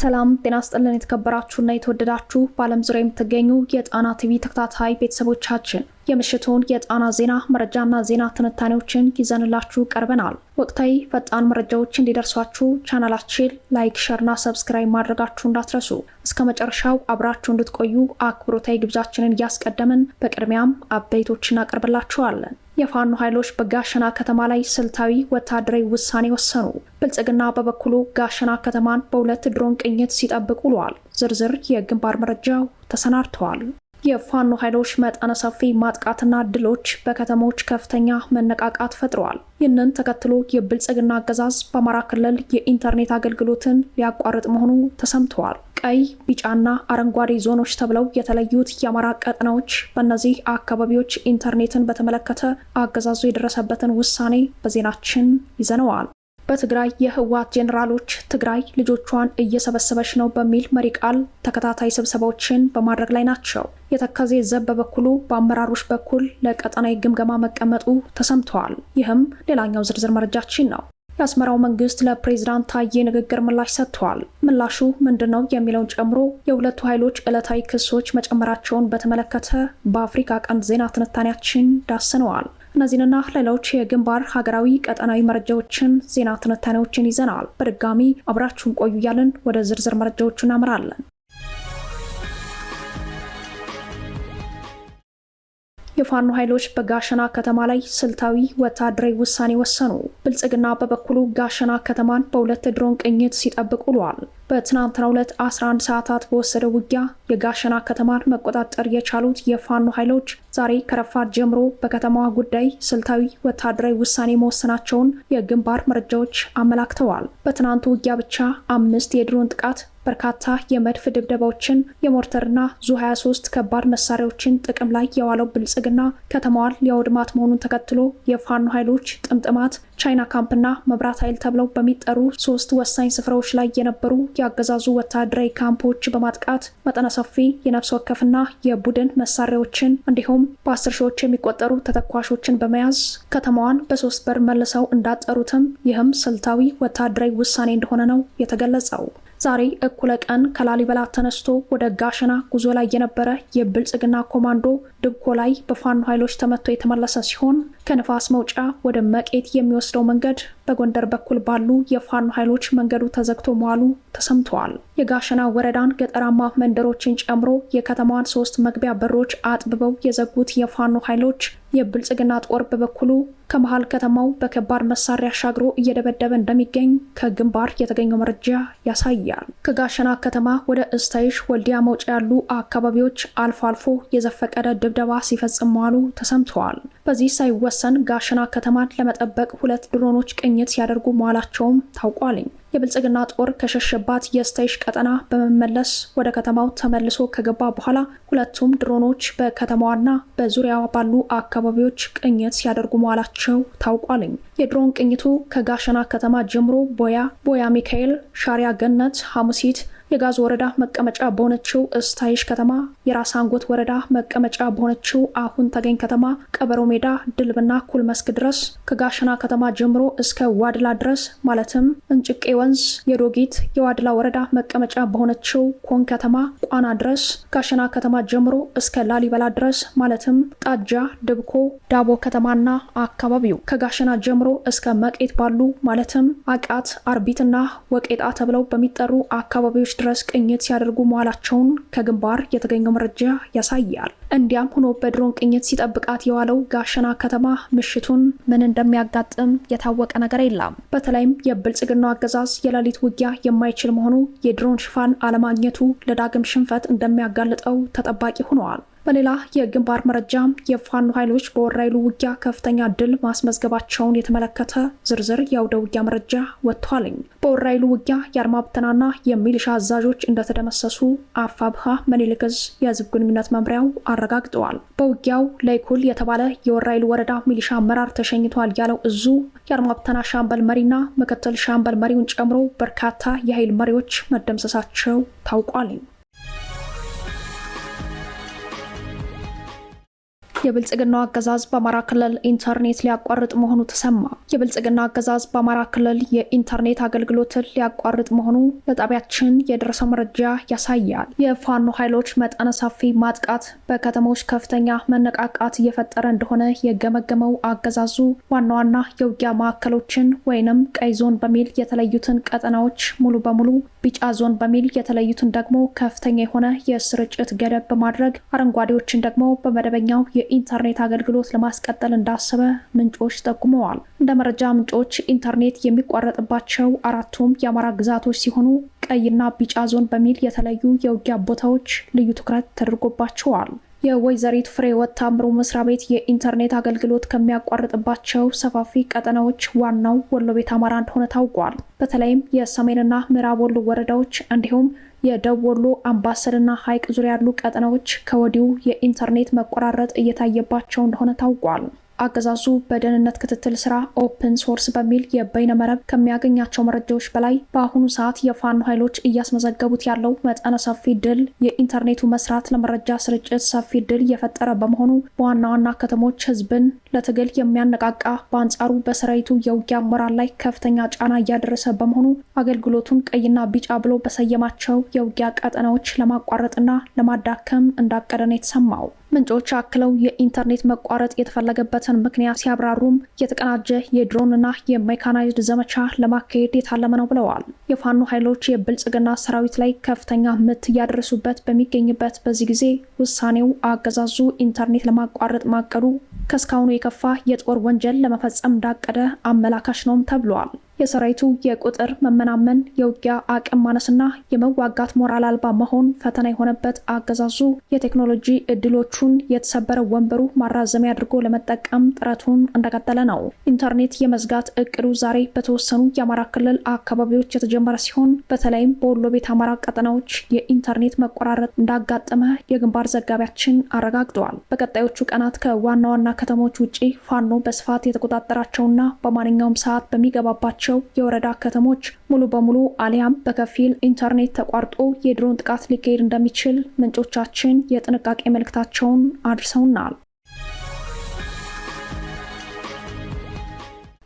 ሰላም ጤና ስጥልን። የተከበራችሁና የተወደዳችሁ በዓለም ዙሪያ የምትገኙ የጣና ቲቪ ተከታታይ ቤተሰቦቻችን የምሽቱን የጣና ዜና መረጃና ዜና ትንታኔዎችን ይዘንላችሁ ቀርበናል። ወቅታዊ ፈጣን መረጃዎች እንዲደርሷችሁ ቻናላችን ላይክ፣ ሸርና ሰብስክራይብ ማድረጋችሁ እንዳትረሱ። እስከ መጨረሻው አብራችሁ እንድትቆዩ አክብሮታዊ ግብዣችንን እያስቀደምን በቅድሚያም አበይቶች አቀርብላችኋለን። የፋኖ ኃይሎች በጋሸና ከተማ ላይ ስልታዊ ወታደራዊ ውሳኔ ወሰኑ። ብልጽግና በበኩሉ ጋሸና ከተማን በሁለት ድሮን ቅኝት ሲጠብቅ ውሏል። ዝርዝር የግንባር መረጃው ተሰናድተዋል። የፋኖ ኃይሎች መጠነ ሰፊ ማጥቃትና ድሎች በከተሞች ከፍተኛ መነቃቃት ፈጥረዋል። ይህንን ተከትሎ የብልጽግና አገዛዝ በአማራ ክልል የኢንተርኔት አገልግሎትን ሊያቋርጥ መሆኑ ተሰምተዋል። ቀይ፣ ቢጫና አረንጓዴ ዞኖች ተብለው የተለዩት የአማራ ቀጠናዎች በእነዚህ አካባቢዎች ኢንተርኔትን በተመለከተ አገዛዙ የደረሰበትን ውሳኔ በዜናችን ይዘነዋል። በትግራይ የህወሓት ጄኔራሎች ትግራይ ልጆቿን እየሰበሰበች ነው በሚል መሪ ቃል ተከታታይ ስብሰባዎችን በማድረግ ላይ ናቸው። የተከዜ ዘብ በበኩሉ በአመራሮች በኩል ለቀጠናዊ ግምገማ መቀመጡ ተሰምተዋል። ይህም ሌላኛው ዝርዝር መረጃችን ነው። የአስመራው መንግስት ለፕሬዝዳንት ታዬ ንግግር ምላሽ ሰጥቷል። ምላሹ ምንድን ነው የሚለውን ጨምሮ የሁለቱ ኃይሎች ዕለታዊ ክሶች መጨመራቸውን በተመለከተ በአፍሪካ ቀንድ ዜና ትንታኔያችን ዳስነዋል። እነዚህንና ሌሎች የግንባር ሀገራዊ ቀጠናዊ መረጃዎችን፣ ዜና ትንታኔዎችን ይዘናል። በድጋሚ አብራችሁን ቆዩ እያልን ወደ ዝርዝር መረጃዎቹ እናምራለን። የፋኖ ኃይሎች በጋሸና ከተማ ላይ ስልታዊ ወታደራዊ ውሳኔ ወሰኑ። ብልጽግና በበኩሉ ጋሸና ከተማን በሁለት ድሮን ቅኝት ሲጠብቅ ውሏል። በትናንትና ሁለት 11 ሰዓታት በወሰደው ውጊያ የጋሸና ከተማን መቆጣጠር የቻሉት የፋኖ ኃይሎች ዛሬ ከረፋት ጀምሮ በከተማዋ ጉዳይ ስልታዊ ወታደራዊ ውሳኔ መወሰናቸውን የግንባር መረጃዎች አመላክተዋል። በትናንቱ ውጊያ ብቻ አምስት የድሮን ጥቃት በርካታ የመድፍ ድብደባዎችን የሞርተርና ዙ 23 ከባድ መሳሪያዎችን ጥቅም ላይ የዋለው ብልጽግና ከተማዋን ሊያወድማት መሆኑን ተከትሎ የፋኖ ኃይሎች ጥምጥማት፣ ቻይና ካምፕና መብራት ኃይል ተብለው በሚጠሩ ሶስት ወሳኝ ስፍራዎች ላይ የነበሩ የአገዛዙ ወታደራዊ ካምፖች በማጥቃት መጠነ ሰፊ የነፍስ ወከፍና የቡድን መሳሪያዎችን እንዲሁም በአስር ሺዎች የሚቆጠሩ ተተኳሾችን በመያዝ ከተማዋን በሶስት በር መልሰው እንዳጠሩትም ይህም ስልታዊ ወታደራዊ ውሳኔ እንደሆነ ነው የተገለጸው። ዛሬ እኩለ ቀን ከላሊበላ ተነስቶ ወደ ጋሸና ጉዞ ላይ የነበረ የብልጽግና ኮማንዶ ድጎ ላይ በፋኖ ኃይሎች ተመቶ የተመለሰ ሲሆን ከንፋስ መውጫ ወደ መቄት የሚወስደው መንገድ በጎንደር በኩል ባሉ የፋኖ ኃይሎች መንገዱ ተዘግቶ መዋሉ ተሰምተዋል። የጋሸና ወረዳን ገጠራማ መንደሮችን ጨምሮ የከተማዋን ሶስት መግቢያ በሮች አጥብበው የዘጉት የፋኖ ኃይሎች የብልጽግና ጦር በበኩሉ ከመሀል ከተማው በከባድ መሳሪያ አሻግሮ እየደበደበ እንደሚገኝ ከግንባር የተገኘው መረጃ ያሳያል። ከጋሸና ከተማ ወደ እስታይሽ ወልዲያ መውጫ ያሉ አካባቢዎች አልፎ አልፎ የዘፈቀደ ድብ ድብደባ ሲፈጽም መዋሉ ተሰምተዋል። በዚህ ሳይወሰን ጋሸና ከተማን ለመጠበቅ ሁለት ድሮኖች ቅኝት ሲያደርጉ መዋላቸውም ታውቋልኝ። የብልጽግና ጦር ከሸሸባት የስተይሽ ቀጠና በመመለስ ወደ ከተማው ተመልሶ ከገባ በኋላ ሁለቱም ድሮኖች በከተማዋና በዙሪያዋ ባሉ አካባቢዎች ቅኝት ሲያደርጉ መዋላቸው ታውቋልኝ። የድሮን ቅኝቱ ከጋሸና ከተማ ጀምሮ ቦያ፣ ቦያ ሚካኤል፣ ሻሪያ ገነት፣ ሐሙሲት የጋዝ ወረዳ መቀመጫ በሆነችው እስታይሽ ከተማ፣ የራስ አንጎት ወረዳ መቀመጫ በሆነችው አሁን ተገኝ ከተማ፣ ቀበሮ ሜዳ፣ ድልብና ኩል መስክ ድረስ ከጋሸና ከተማ ጀምሮ እስከ ዋድላ ድረስ ማለትም እንጭቄ ወንዝ የዶጊት የዋድላ ወረዳ መቀመጫ በሆነችው ኮን ከተማ ቋና ድረስ ጋሸና ከተማ ጀምሮ እስከ ላሊበላ ድረስ ማለትም ጣጃ፣ ድብኮ፣ ዳቦ ከተማና አካባቢው ከጋሸና ጀምሮ እስከ መቄት ባሉ ማለትም አቃት፣ አርቢትና ወቄጣ ተብለው በሚጠሩ አካባቢዎች ድረስ ቅኝት ሲያደርጉ መዋላቸውን ከግንባር የተገኘው መረጃ ያሳያል። እንዲያም ሆኖ በድሮን ቅኝት ሲጠብቃት የዋለው ጋሸና ከተማ ምሽቱን ምን እንደሚያጋጥም የታወቀ ነገር የለም። በተለይም የብልጽግናው አገዛዝ የሌሊት ውጊያ የማይችል መሆኑ የድሮን ሽፋን አለማግኘቱ ለዳግም ሽንፈት እንደሚያጋልጠው ተጠባቂ ሆነዋል። በሌላ የግንባር መረጃ የፋኖ ኃይሎች በወራይሉ ውጊያ ከፍተኛ ድል ማስመዝገባቸውን የተመለከተ ዝርዝር የአውደ ውጊያ መረጃ ወጥቷልኝ። በወራይሉ ውጊያ የአድማ ብተናና የሚሊሻ አዛዦች እንደተደመሰሱ አፋብሃ መኒልክዝ የህዝብ ግንኙነት መምሪያው አረጋግጠዋል። በውጊያው ለይኩል የተባለ የወራይሉ ወረዳ ሚሊሻ አመራር ተሸኝቷል ያለው እዙ የአድማ ሻምበል መሪና ምክትል ሻምበል መሪውን ጨምሮ በርካታ የኃይል መሪዎች መደምሰሳቸው ታውቋልኝ። የብልጽግናው አገዛዝ በአማራ ክልል ኢንተርኔት ሊያቋርጥ መሆኑ ተሰማ። የብልጽግና አገዛዝ በአማራ ክልል የኢንተርኔት አገልግሎትን ሊያቋርጥ መሆኑ ለጣቢያችን የደረሰው መረጃ ያሳያል። የፋኖ ኃይሎች መጠነ ሰፊ ማጥቃት በከተሞች ከፍተኛ መነቃቃት እየፈጠረ እንደሆነ የገመገመው አገዛዙ ዋና ዋና የውጊያ ማዕከሎችን ወይንም ቀይ ዞን በሚል የተለዩትን ቀጠናዎች ሙሉ በሙሉ ቢጫ ዞን በሚል የተለዩትን ደግሞ ከፍተኛ የሆነ የስርጭት ገደብ በማድረግ አረንጓዴዎችን ደግሞ በመደበኛው የ የኢንተርኔት አገልግሎት ለማስቀጠል እንዳሰበ ምንጮች ጠቁመዋል። እንደ መረጃ ምንጮች ኢንተርኔት የሚቋረጥባቸው አራቱም የአማራ ግዛቶች ሲሆኑ ቀይና ቢጫ ዞን በሚል የተለዩ የውጊያ ቦታዎች ልዩ ትኩረት ተደርጎባቸዋል። የወይዘሪት ፍሬህይወት ታምሩ መስሪያ ቤት የኢንተርኔት አገልግሎት ከሚያቋርጥባቸው ሰፋፊ ቀጠናዎች ዋናው ወሎ ቤት አማራ እንደሆነ ታውቋል። በተለይም የሰሜንና ምዕራብ ወሎ ወረዳዎች እንዲሁም የደቡብ ወሎ አምባሰልና ሐይቅ ዙሪያ ያሉ ቀጠናዎች ከወዲሁ የኢንተርኔት መቆራረጥ እየታየባቸው እንደሆነ ታውቋል። አገዛዙ በደህንነት ክትትል ስራ ኦፕን ሶርስ በሚል የበይነ መረብ ከሚያገኛቸው መረጃዎች በላይ በአሁኑ ሰዓት የፋኖ ኃይሎች እያስመዘገቡት ያለው መጠነ ሰፊ ድል የኢንተርኔቱ መስራት ለመረጃ ስርጭት ሰፊ ድል የፈጠረ በመሆኑ በዋና ዋና ከተሞች ህዝብን ለትግል የሚያነቃቃ በአንጻሩ በሰራዊቱ የውጊያ ሞራል ላይ ከፍተኛ ጫና እያደረሰ በመሆኑ አገልግሎቱን ቀይና ቢጫ ብሎ በሰየማቸው የውጊያ ቀጠናዎች ለማቋረጥና ለማዳከም እንዳቀደ ነው የተሰማው። ምንጮች አክለው የኢንተርኔት መቋረጥ የተፈለገበትን ምክንያት ሲያብራሩም የተቀናጀ የድሮንና የሜካናይዝድ ዘመቻ ለማካሄድ የታለመ ነው ብለዋል። የፋኖ ኃይሎች የብልጽግና ሰራዊት ላይ ከፍተኛ ምት እያደረሱበት በሚገኝበት በዚህ ጊዜ ውሳኔው አገዛዙ ኢንተርኔት ለማቋረጥ ማቀዱ ከእስካሁኑ የከፋ የጦር ወንጀል ለመፈጸም እንዳቀደ አመላካሽ ነውም ተብሏል። የሰራዊቱ የቁጥር መመናመን፣ የውጊያ አቅም ማነስና የመዋጋት ሞራል አልባ መሆን ፈተና የሆነበት አገዛዙ የቴክኖሎጂ እድሎቹን የተሰበረ ወንበሩ ማራዘሚያ አድርጎ ለመጠቀም ጥረቱን እንደቀጠለ ነው። ኢንተርኔት የመዝጋት እቅዱ ዛሬ በተወሰኑ የአማራ ክልል አካባቢዎች የተጀመረ ሲሆን በተለይም በወሎ ቤት አማራ ቀጠናዎች የኢንተርኔት መቆራረጥ እንዳጋጠመ የግንባር ዘጋቢያችን አረጋግጠዋል። በቀጣዮቹ ቀናት ከዋና ዋና ከተሞች ውጪ ፋኖ በስፋት የተቆጣጠራቸውና በማንኛውም ሰዓት በሚገባባቸው ያላቸው የወረዳ ከተሞች ሙሉ በሙሉ አሊያም በከፊል ኢንተርኔት ተቋርጦ የድሮን ጥቃት ሊካሄድ እንደሚችል ምንጮቻችን የጥንቃቄ መልእክታቸውን አድርሰውናል።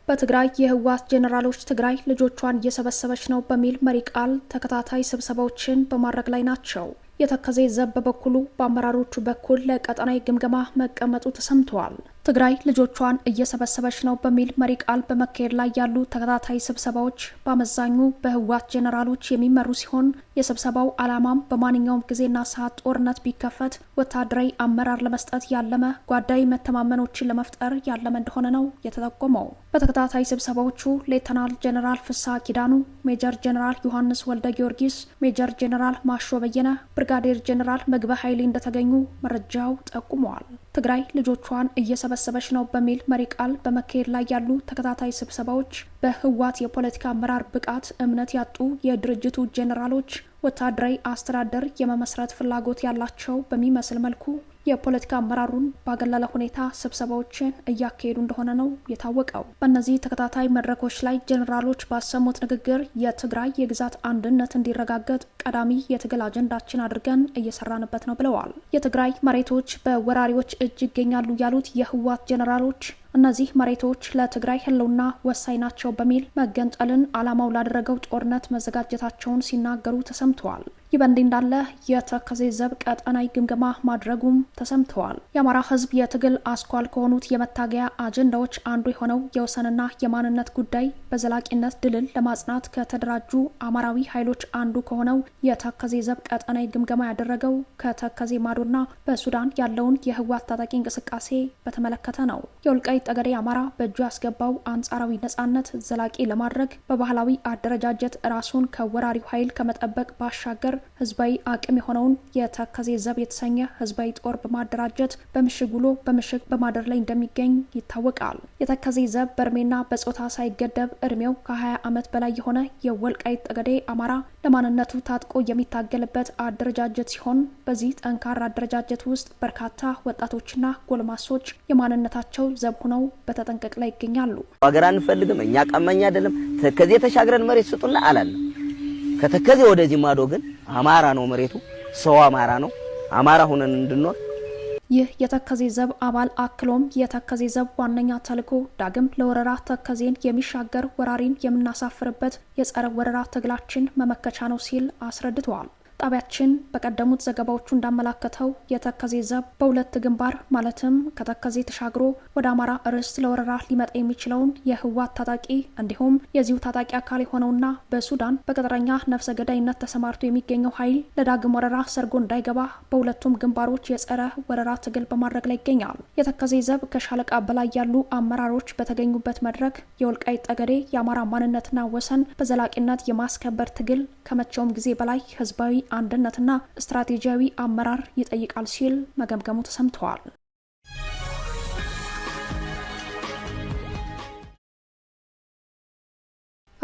በትግራይ የህወሓት ጄኔራሎች ትግራይ ልጆቿን እየሰበሰበች ነው በሚል መሪ ቃል ተከታታይ ስብሰባዎችን በማድረግ ላይ ናቸው። የተከዜ ዘብ በበኩሉ በአመራሮቹ በኩል ለቀጠናዊ ግምገማ መቀመጡ ተሰምተዋል። ትግራይ ልጆቿን እየሰበሰበች ነው በሚል መሪ ቃል በመካሄድ ላይ ያሉ ተከታታይ ስብሰባዎች በአመዛኙ በህወሓት ጄኔራሎች የሚመሩ ሲሆን የስብሰባው ዓላማም በማንኛውም ጊዜና ሰዓት ጦርነት ቢከፈት ወታደራዊ አመራር ለመስጠት ያለመ ጓዳይ መተማመኖችን ለመፍጠር ያለመ እንደሆነ ነው የተጠቆመው። በተከታታይ ስብሰባዎቹ ሌተናል ጄኔራል ፍስሐ ኪዳኑ፣ ሜጀር ጄኔራል ዮሐንስ ወልደ ጊዮርጊስ፣ ሜጀር ጄኔራል ማሾ በየነ፣ ብርጋዴር ጄኔራል ምግበ ኃይሌ እንደተገኙ መረጃው ጠቁመዋል። ትግራይ ልጆቿን እየሰበሰበች ነው በሚል መሪ ቃል በመካሄድ ላይ ያሉ ተከታታይ ስብሰባዎች በህወሓት የፖለቲካ አመራር ብቃት እምነት ያጡ የድርጅቱ ጄኔራሎች ወታደራዊ አስተዳደር የመመስረት ፍላጎት ያላቸው በሚመስል መልኩ የፖለቲካ አመራሩን ባገለለ ሁኔታ ስብሰባዎችን እያካሄዱ እንደሆነ ነው የታወቀው። በእነዚህ ተከታታይ መድረኮች ላይ ጀኔራሎች ባሰሙት ንግግር የትግራይ የግዛት አንድነት እንዲረጋገጥ ቀዳሚ የትግል አጀንዳችን አድርገን እየሰራንበት ነው ብለዋል። የትግራይ መሬቶች በወራሪዎች እጅ ይገኛሉ ያሉት የህወሓት ጀኔራሎች እነዚህ መሬቶች ለትግራይ ህልውና ወሳኝ ናቸው በሚል መገንጠልን ዓላማው ላደረገው ጦርነት መዘጋጀታቸውን ሲናገሩ ተሰምተዋል። ይህ በእንዲህ እንዳለ የተከዜ ዘብ ቀጠናዊ ግምገማ ማድረጉም ተሰምተዋል። የአማራ ሕዝብ የትግል አስኳል ከሆኑት የመታገያ አጀንዳዎች አንዱ የሆነው የወሰንና የማንነት ጉዳይ በዘላቂነት ድልን ለማጽናት ከተደራጁ አማራዊ ኃይሎች አንዱ ከሆነው የተከዜ ዘብ ቀጠናዊ ግምገማ ያደረገው ከተከዜ ማዶና በሱዳን ያለውን የህወሓት ታጣቂ እንቅስቃሴ በተመለከተ ነው። የወልቃይት ጠገዴ አማራ በእጁ ያስገባው አንጻራዊ ነጻነት ዘላቂ ለማድረግ በባህላዊ አደረጃጀት ራሱን ከወራሪው ኃይል ከመጠበቅ ባሻገር ህዝባዊ አቅም የሆነውን የተከዜ ዘብ የተሰኘ ህዝባዊ ጦር በማደራጀት በምሽግ ውሎ በምሽግ በማደር ላይ እንደሚገኝ ይታወቃል። የተከዜ ዘብ በእድሜና በጾታ ሳይገደብ እድሜው ከ20 ዓመት በላይ የሆነ የወልቃይት ጠገዴ አማራ ለማንነቱ ታጥቆ የሚታገልበት አደረጃጀት ሲሆን በዚህ ጠንካራ አደረጃጀት ውስጥ በርካታ ወጣቶችና ጎልማሶች የማንነታቸው ዘብ ሆነው በተጠንቀቅ ላይ ይገኛሉ። ሀገር አንፈልግም፣ እኛ ቀመኛ አይደለም፣ ከዚህ የተሻግረን መሬት ስጡና አላለም ከተከዜ ወደዚህ ማዶ ግን አማራ ነው መሬቱ፣ ሰው አማራ ነው። አማራ ሆነን እንድንኖር ይህ የተከዜ ዘብ አባል አክሎም የተከዜ ዘብ ዋነኛ ተልዕኮ ዳግም ለወረራ ተከዜን የሚሻገር ወራሪን የምናሳፍርበት የጸረ ወረራ ትግላችን መመከቻ ነው ሲል አስረድተዋል። ጣቢያችን በቀደሙት ዘገባዎቹ እንዳመላከተው የተከዜ ዘብ በሁለት ግንባር ማለትም ከተከዜ ተሻግሮ ወደ አማራ ርስት ለወረራ ሊመጣ የሚችለውን የህወሓት ታጣቂ እንዲሁም የዚሁ ታጣቂ አካል የሆነውና በሱዳን በቅጥረኛ ነፍሰ ገዳይነት ተሰማርቶ የሚገኘው ኃይል ለዳግም ወረራ ሰርጎ እንዳይገባ በሁለቱም ግንባሮች የጸረ ወረራ ትግል በማድረግ ላይ ይገኛል። የተከዜ ዘብ ከሻለቃ በላይ ያሉ አመራሮች በተገኙበት መድረክ የወልቃይት ጠገዴ የአማራ ማንነትና ወሰን በዘላቂነት የማስከበር ትግል ከመቼውም ጊዜ በላይ ህዝባዊ አንድነትና ስትራቴጂያዊ አመራር ይጠይቃል ሲል መገምገሙ ተሰምተዋል።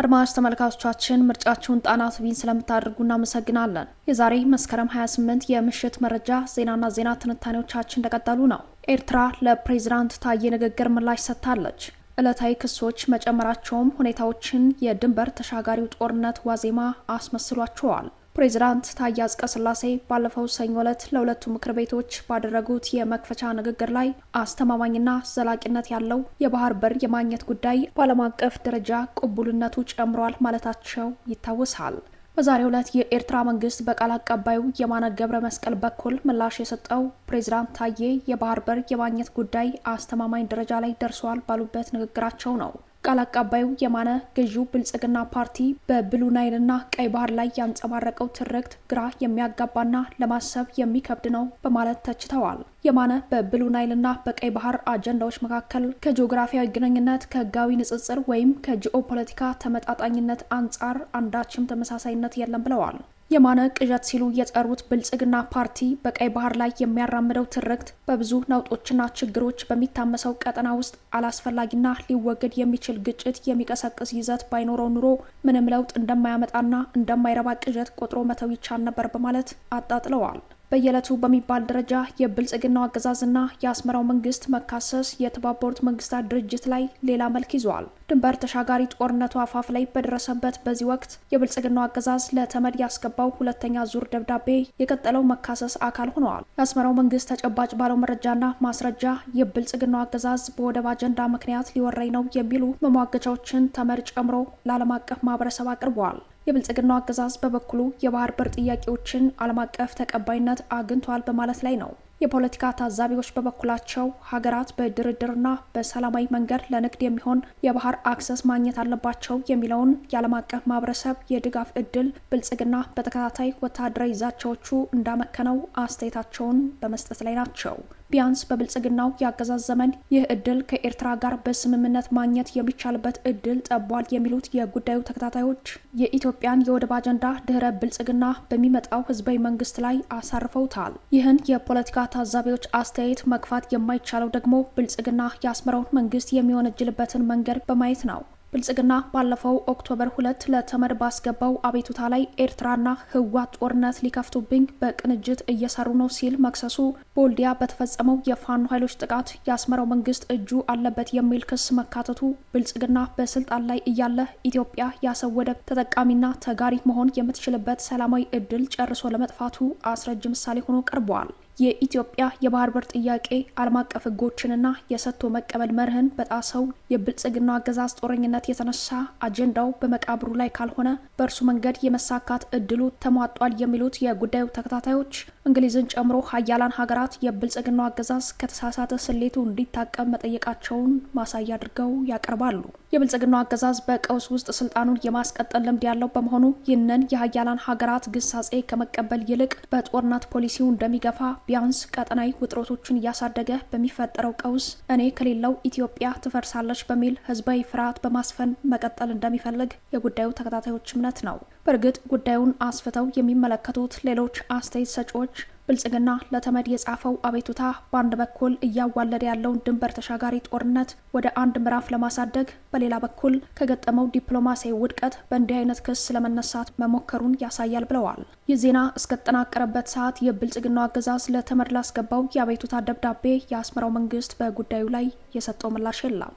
አድማጭ ተመልካቾቻችን ምርጫችሁን ጣና ቲቪን ስለምታደርጉ እናመሰግናለን። የዛሬ መስከረም 28 የምሽት መረጃ ዜናና ዜና ትንታኔዎቻችን እንደቀጠሉ ነው። ኤርትራ ለፕሬዚዳንት ታዬ ንግግር ምላሽ ሰጥታለች። ዕለታዊ ክሶች መጨመራቸውም ሁኔታዎችን የድንበር ተሻጋሪው ጦርነት ዋዜማ አስመስሏቸዋል። ፕሬዚዳንት ታዬ አጽቀሥላሴ ባለፈው ሰኞ ዕለት ለሁለቱ ምክር ቤቶች ባደረጉት የመክፈቻ ንግግር ላይ አስተማማኝና ዘላቂነት ያለው የባህር በር የማግኘት ጉዳይ በዓለም አቀፍ ደረጃ ቅቡልነቱ ጨምሯል ማለታቸው ይታወሳል። በዛሬው ዕለት የኤርትራ መንግስት በቃል አቀባዩ የማነ ገብረ መስቀል በኩል ምላሽ የሰጠው ፕሬዚዳንት ታዬ የባህር በር የማግኘት ጉዳይ አስተማማኝ ደረጃ ላይ ደርሷል ባሉበት ንግግራቸው ነው። ቃል አቀባዩ የማነ ገዢው ብልጽግና ፓርቲ በብሉ ናይልና ቀይ ባህር ላይ ያንጸባረቀው ትርክት ግራ የሚያጋባና ለማሰብ የሚከብድ ነው በማለት ተችተዋል። የማነ በብሉ ናይልና በቀይ ባህር አጀንዳዎች መካከል ከጂኦግራፊያዊ ግንኙነት፣ ከህጋዊ ንጽጽር ወይም ከጂኦፖለቲካ ተመጣጣኝነት አንጻር አንዳችም ተመሳሳይነት የለም ብለዋል። የማነ ቅዠት ሲሉ የጠሩት ብልጽግና ፓርቲ በቀይ ባህር ላይ የሚያራምደው ትርክት በብዙ ነውጦችና ችግሮች በሚታመሰው ቀጠና ውስጥ አላስፈላጊና ሊወገድ የሚችል ግጭት የሚቀሰቅስ ይዘት ባይኖረው ኑሮ ምንም ለውጥ እንደማያመጣና እንደማይረባ ቅዠት ቆጥሮ መተው ይቻል ነበር በማለት አጣጥለዋል። በየዕለቱ በሚባል ደረጃ የብልጽግናው አገዛዝና የአስመራው መንግስት መካሰስ የተባበሩት መንግስታት ድርጅት ላይ ሌላ መልክ ይዟል። ድንበር ተሻጋሪ ጦርነቱ አፋፍ ላይ በደረሰበት በዚህ ወቅት የብልጽግናው አገዛዝ ለተመድ ያስገባው ሁለተኛ ዙር ደብዳቤ የቀጠለው መካሰስ አካል ሆነዋል። የአስመራው መንግስት ተጨባጭ ባለው መረጃና ማስረጃ የብልጽግናው አገዛዝ በወደብ አጀንዳ ምክንያት ሊወረኝ ነው የሚሉ መሟገቻዎችን ተመድ ጨምሮ ለዓለም አቀፍ ማህበረሰብ አቅርበዋል። የብልጽግናው አገዛዝ በበኩሉ የባህር በር ጥያቄዎችን ዓለም አቀፍ ተቀባይነት አግኝቷል በማለት ላይ ነው። የፖለቲካ ታዛቢዎች በበኩላቸው ሀገራት በድርድርና በሰላማዊ መንገድ ለንግድ የሚሆን የባህር አክሰስ ማግኘት አለባቸው የሚለውን የዓለም አቀፍ ማህበረሰብ የድጋፍ እድል ብልጽግና በተከታታይ ወታደራዊ ዛቻዎቹ እንዳመከነው አስተያየታቸውን በመስጠት ላይ ናቸው። ቢያንስ በብልጽግናው የአገዛዝ ዘመን ይህ እድል ከኤርትራ ጋር በስምምነት ማግኘት የሚቻልበት እድል ጠቧል የሚሉት የጉዳዩ ተከታታዮች የኢትዮጵያን የወደብ አጀንዳ ድህረ ብልጽግና በሚመጣው ህዝባዊ መንግስት ላይ አሳርፈውታል። ይህን የፖለቲካ ታዛቢዎች አስተያየት መግፋት የማይቻለው ደግሞ ብልጽግና የአስመራውን መንግስት የሚወነጅልበትን መንገድ በማየት ነው። ብልጽግና ባለፈው ኦክቶበር ሁለት ለተመድ ባስገባው አቤቱታ ላይ ኤርትራና ህወሓት ጦርነት ሊከፍቱብኝ በቅንጅት እየሰሩ ነው ሲል መክሰሱ፣ በወልዲያ በተፈጸመው የፋኖ ኃይሎች ጥቃት የአስመራው መንግስት እጁ አለበት የሚል ክስ መካተቱ፣ ብልጽግና በስልጣን ላይ እያለ ኢትዮጵያ የአሰብ ወደብ ተጠቃሚና ተጋሪ መሆን የምትችልበት ሰላማዊ እድል ጨርሶ ለመጥፋቱ አስረጅ ምሳሌ ሆኖ ቀርበዋል። የኢትዮጵያ የባህር በር ጥያቄ ዓለም አቀፍ ሕጎችንና የሰጥቶ መቀበል መርህን በጣሰው የብልጽግና አገዛዝ ጦረኝነት የተነሳ አጀንዳው በመቃብሩ ላይ ካልሆነ በእርሱ መንገድ የመሳካት እድሉ ተሟጧል የሚሉት የጉዳዩ ተከታታዮች እንግሊዝን ጨምሮ ሀያላን ሀገራት የብልጽግናው አገዛዝ ከተሳሳተ ስሌቱ እንዲታቀም መጠየቃቸውን ማሳያ አድርገው ያቀርባሉ። የብልጽግናው አገዛዝ በቀውስ ውስጥ ስልጣኑን የማስቀጠል ልምድ ያለው በመሆኑ ይህንን የሀያላን ሀገራት ግሳጼ ከመቀበል ይልቅ በጦርነት ፖሊሲው እንደሚገፋ ቢያንስ ቀጠናዊ ውጥረቶችን እያሳደገ በሚፈጠረው ቀውስ እኔ ከሌለው ኢትዮጵያ ትፈርሳለች በሚል ህዝባዊ ፍርሃት በማስፈን መቀጠል እንደሚፈልግ የጉዳዩ ተከታታዮች እምነት ነው። በእርግጥ ጉዳዩን አስፍተው የሚመለከቱት ሌሎች አስተያየት ሰጪዎች ብልጽግና ለተመድ የጻፈው አቤቱታ በአንድ በኩል እያዋለደ ያለውን ድንበር ተሻጋሪ ጦርነት ወደ አንድ ምዕራፍ ለማሳደግ፣ በሌላ በኩል ከገጠመው ዲፕሎማሲያዊ ውድቀት በእንዲህ አይነት ክስ ለመነሳት መሞከሩን ያሳያል ብለዋል። ይህ ዜና እስከተጠናቀረበት ሰዓት የብልጽግናው አገዛዝ ለተመድ ላስገባው የአቤቱታ ደብዳቤ የአስመራው መንግስት በጉዳዩ ላይ የሰጠው ምላሽ የለም።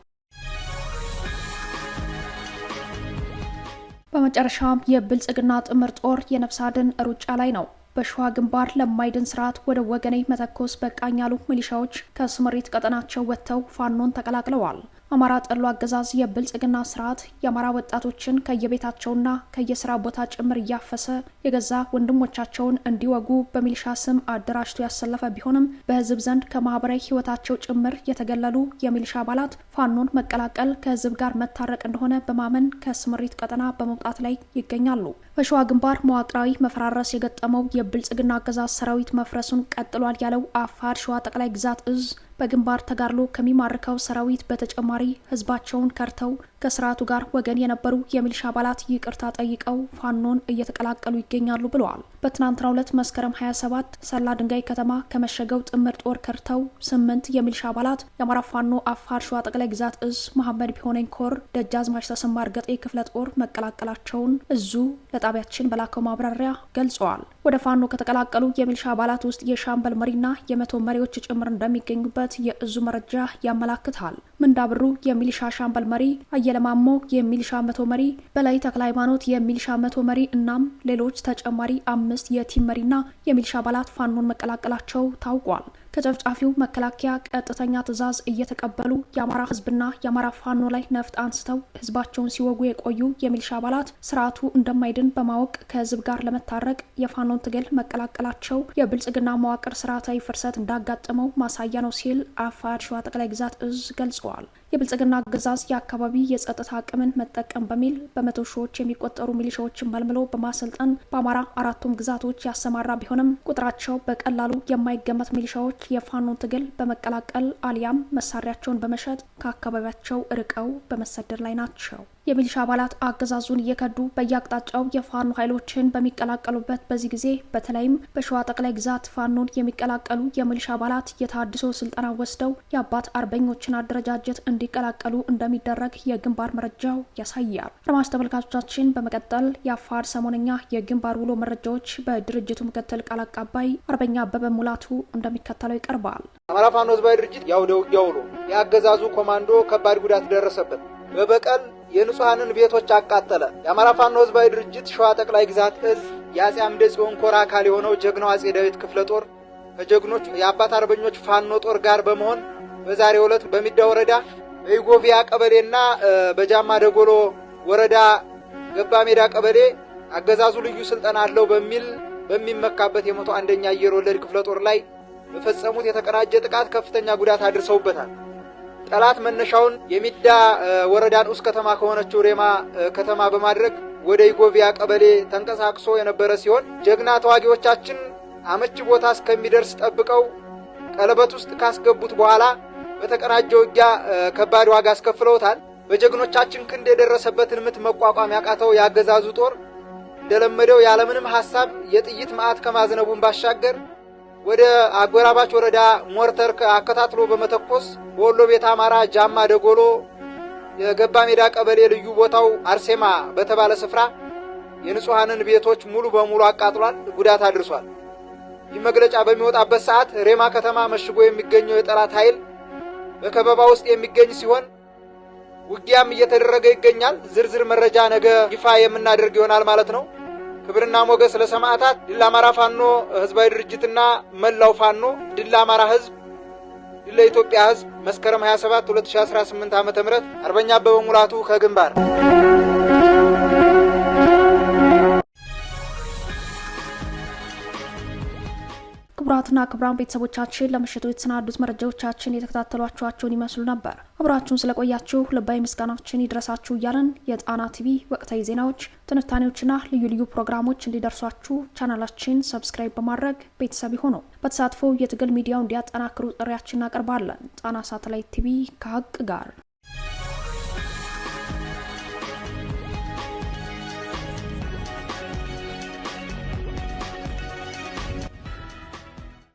በመጨረሻም የብልጽግና ጥምር ጦር የነፍስ አድን ሩጫ ላይ ነው። በሸዋ ግንባር ለማይድን ስርዓት ወደ ወገኔ መተኮስ በቃኝ ያሉ ሚሊሻዎች ከስምሪት ቀጠናቸው ወጥተው ፋኖን ተቀላቅለዋል። አማራ ጠሉ አገዛዝ የብልጽግና ስርዓት የአማራ ወጣቶችን ከየቤታቸውና ከየስራ ቦታ ጭምር እያፈሰ የገዛ ወንድሞቻቸውን እንዲወጉ በሚልሻ ስም አደራጅቶ ያሰለፈ ቢሆንም በህዝብ ዘንድ ከማህበራዊ ህይወታቸው ጭምር የተገለሉ የሚልሻ አባላት ፋኖን መቀላቀል ከህዝብ ጋር መታረቅ እንደሆነ በማመን ከስምሪት ቀጠና በመውጣት ላይ ይገኛሉ። በሸዋ ግንባር መዋቅራዊ መፈራረስ የገጠመው የብልጽግና አገዛዝ ሰራዊት መፍረሱን ቀጥሏል ያለው አፋር ሸዋ ጠቅላይ ግዛት እዝ በግንባር ተጋድሎ ከሚማርከው ሰራዊት በተጨማሪ ህዝባቸውን ከርተው ከስርዓቱ ጋር ወገን የነበሩ የሚሊሻ አባላት ይቅርታ ጠይቀው ፋኖን እየተቀላቀሉ ይገኛሉ ብለዋል። በትናንትናው ዕለት መስከረም 27 ሰላ ድንጋይ ከተማ ከመሸገው ጥምር ጦር ከርተው ስምንት የሚሊሻ አባላት የአማራ ፋኖ አፋር ሸዋ ጠቅላይ ግዛት እዝ መሐመድ ቢሆነኝ ኮር ደጃዝማች ተሰማ እርገጤ ክፍለ ጦር መቀላቀላቸውን እዙ ለጣቢያችን በላከው ማብራሪያ ገልጸዋል። ወደ ፋኖ ከተቀላቀሉ የሚሊሻ አባላት ውስጥ የሻምበል መሪና የመቶ መሪዎች ጭምር እንደሚገኙበት የእዙ መረጃ ያመላክታል። ምንዳብሩ የሚሊሻ ሻምበል መሪ፣ አየለማሞ የሚሊሻ መቶ መሪ፣ በላይ ተክለ ሃይማኖት የሚሊሻ መቶ መሪ እናም ሌሎች ተጨማሪ አምስት የቲም መሪና የሚሊሻ አባላት ፋኖን መቀላቀላቸው ታውቋል። ከጨፍጫፊው መከላከያ ቀጥተኛ ትዕዛዝ እየተቀበሉ የአማራ ህዝብና የአማራ ፋኖ ላይ ነፍጥ አንስተው ህዝባቸውን ሲወጉ የቆዩ የሚሊሻ አባላት ስርዓቱ እንደማይድን በማወቅ ከህዝብ ጋር ለመታረቅ የፋኖን ትግል መቀላቀላቸው የብልጽግና መዋቅር ስርዓታዊ ፍርሰት እንዳጋጠመው ማሳያ ነው ሲል አፋድ ሸዋ ጠቅላይ ግዛት እዝ ገልጸዋል። የብልጽግና አገዛዝ የአካባቢ የጸጥታ አቅምን መጠቀም በሚል በመቶ ሺዎች የሚቆጠሩ ሚሊሻዎችን መልምሎ በማሰልጠን በአማራ አራቱም ግዛቶች ያሰማራ ቢሆንም ቁጥራቸው በቀላሉ የማይገመት ሚሊሻዎች የፋኖ ትግል በመቀላቀል አሊያም መሳሪያቸውን በመሸጥ ከአካባቢያቸው ርቀው በመሰደድ ላይ ናቸው። የሚሊሻ አባላት አገዛዙን እየከዱ በየአቅጣጫው የፋኖ ኃይሎችን በሚቀላቀሉበት በዚህ ጊዜ በተለይም በሸዋ ጠቅላይ ግዛት ፋኖን የሚቀላቀሉ የሚሊሻ አባላት የታድሶ ስልጠና ወስደው የአባት አርበኞችን አደረጃጀት እንዲቀላቀሉ እንደሚደረግ የግንባር መረጃው ያሳያል። አድማጭ ተመልካቾቻችን፣ በመቀጠል የአፋር ሰሞነኛ የግንባር ውሎ መረጃዎች በድርጅቱ ምክትል ቃል አቀባይ አርበኛ አበበ ሙላቱ እንደሚከተለው ይቀርባል። አማራ ፋኖ ህዝባዊ ድርጅት ያውደ ውጊያ ውሎ የአገዛዙ ኮማንዶ ከባድ ጉዳት ደረሰበት በበቀል የንጹሐንን ቤቶች አቃጠለ። የአማራ ፋኖ ህዝባዊ ድርጅት ሸዋ ጠቅላይ ግዛት እዝ የአጼ አምደ ጽዮን ኮር አካል የሆነው ጀግናው አጼ ዳዊት ክፍለ ጦር ከጀግኖች የአባት አርበኞች ፋኖ ጦር ጋር በመሆን በዛሬው ዕለት በሚዳ ወረዳ በኢጎቪያ ቀበሌና በጃማ ደጎሎ ወረዳ ገባ ሜዳ ቀበሌ አገዛዙ ልዩ ስልጠና አለው በሚል በሚመካበት የመቶ አንደኛ አየር ወለድ ክፍለ ጦር ላይ በፈጸሙት የተቀናጀ ጥቃት ከፍተኛ ጉዳት አድርሰውበታል። ጠላት መነሻውን የሚዳ ወረዳ ንዑስ ከተማ ከሆነችው ሬማ ከተማ በማድረግ ወደ ኢጎቪያ ቀበሌ ተንቀሳቅሶ የነበረ ሲሆን ጀግና ተዋጊዎቻችን አመቺ ቦታ እስከሚደርስ ጠብቀው ቀለበት ውስጥ ካስገቡት በኋላ በተቀናጀ ውጊያ ከባድ ዋጋ አስከፍለውታል። በጀግኖቻችን ክንድ የደረሰበትን ምት መቋቋም ያቃተው የአገዛዙ ጦር እንደለመደው ያለምንም ሐሳብ የጥይት መዓት ከማዝነቡን ባሻገር ወደ አጎራባች ወረዳ ሞርተር አከታትሎ በመተኮስ በወሎ ቤት አማራ ጃማ ደጎሎ የገባ ሜዳ ቀበሌ ልዩ ቦታው አርሴማ በተባለ ስፍራ የንጹሐንን ቤቶች ሙሉ በሙሉ አቃጥሏል፣ ጉዳት አድርሷል። ይህ መግለጫ በሚወጣበት ሰዓት ሬማ ከተማ መሽጎ የሚገኘው የጠላት ኃይል በከበባ ውስጥ የሚገኝ ሲሆን ውጊያም እየተደረገ ይገኛል። ዝርዝር መረጃ ነገ ይፋ የምናደርግ ይሆናል ማለት ነው። ክብርና ሞገስ ለሰማዕታት! ድል አማራ ፋኖ ህዝባዊ ድርጅትና መላው ፋኖ! ድል አማራ ህዝብ! ድል ለኢትዮጵያ ህዝብ! መስከረም 27 2018 ዓ.ም አርበኛ አበበ ሙላቱ ከግንባር ክቡራትና ክቡራን ቤተሰቦቻችን ለምሽቱ የተሰናዱት መረጃዎቻችን የተከታተሏችኋቸውን ይመስሉ ነበር። አብራችሁን ስለቆያችሁ ልባዊ ምስጋናችን ይድረሳችሁ እያለን የጣና ቲቪ ወቅታዊ ዜናዎች፣ ትንታኔዎችና ልዩ ልዩ ፕሮግራሞች እንዲደርሷችሁ ቻናላችን ሰብስክራይብ በማድረግ ቤተሰብ ይሁኑ። በተሳትፎ የትግል ሚዲያው እንዲያጠናክሩ ጥሪያችን እናቀርባለን። ጣና ሳተላይት ቲቪ ከሀቅ ጋር